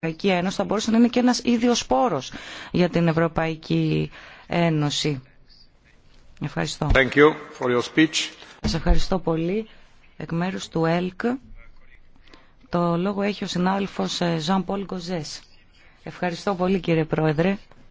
Ευρωπαϊκή Ένωση θα μπορούσε να είναι και ένας ίδιος πόρος για την Ευρωπαϊκή Ένωση. Ευχαριστώ. Thank you for your speech. Σας ευχαριστώ πολύ. Εκ μέρους του ΕΛΚ, το λόγο έχει ο συνάδελφος Ζαν Πολ Γκοζές. Ευχαριστώ πολύ κύριε Πρόεδρε.